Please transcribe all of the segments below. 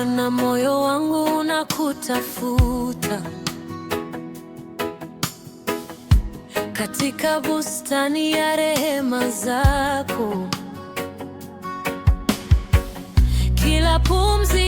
Bwana, moyo wangu unakutafuta katika bustani ya rehema zako, kila pumzi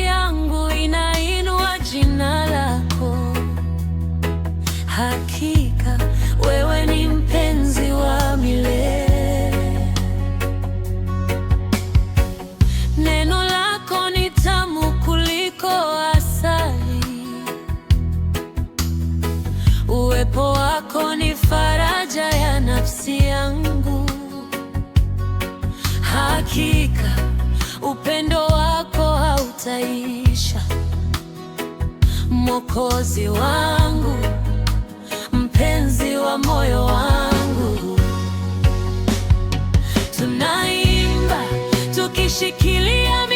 nafsi yangu. Hakika upendo wako hautaisha, Mwokozi wangu, mpenzi wa moyo wangu. Tunaimba tukishikilia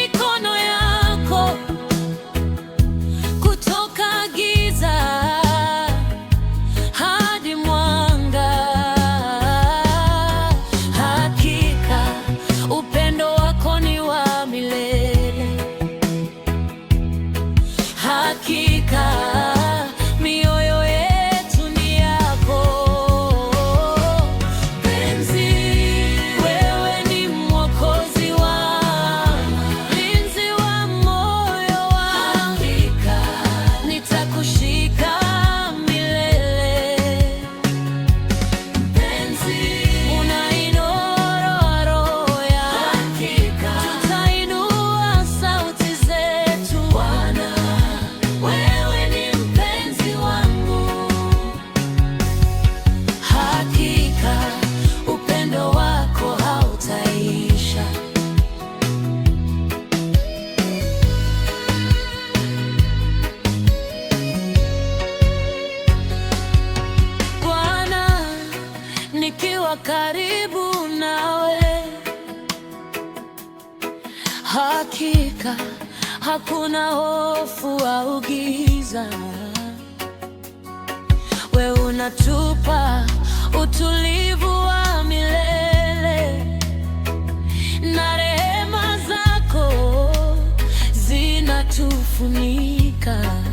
Hakika hakuna hofu au giza, we unatupa utulivu wa milele, na rehema zako zinatufunika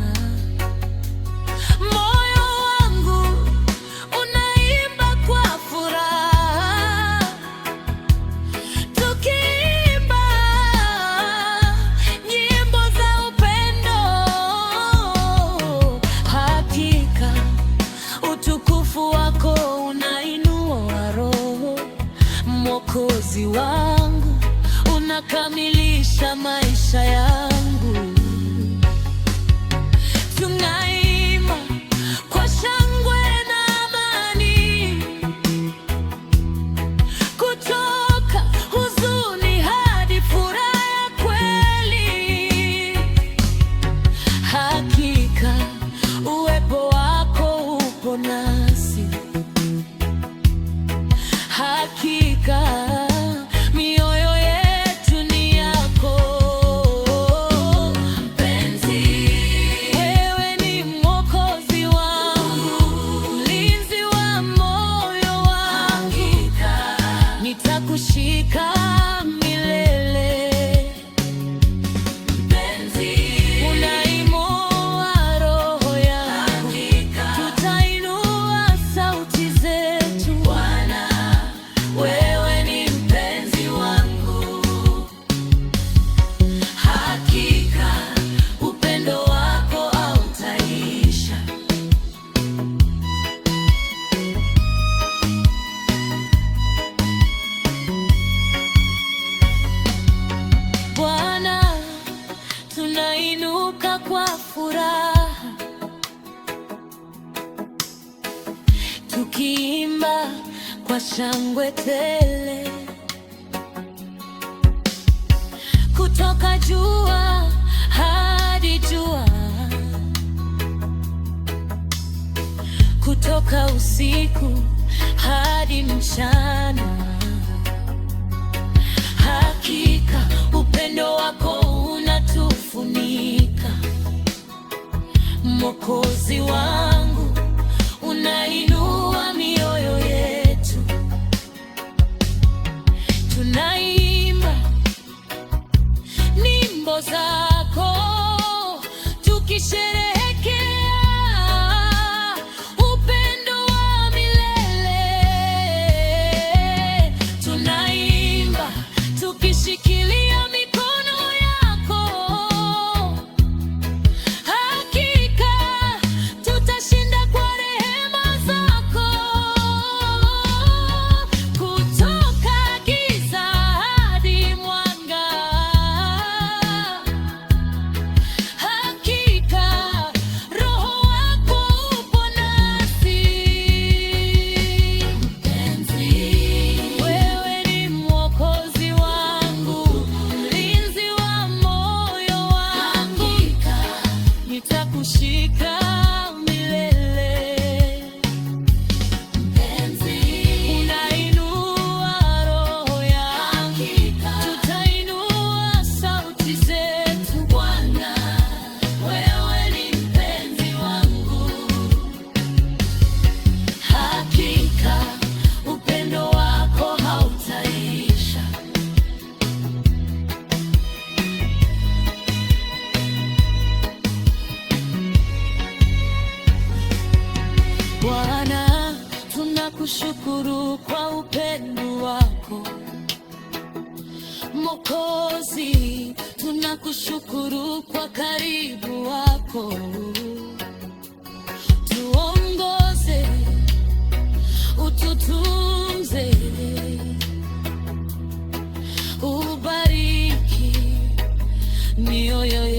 furaha tukiimba kwa shangwe tele kutoka jua hadi jua, kutoka usiku hadi mchana. Mwokozi wangu, unainua mioyo yetu, tunaimba nyimbo zako tukishe Mwokozi, tunakushukuru kwa karibu wako. Tuongoze, ututunze, ubariki mioyo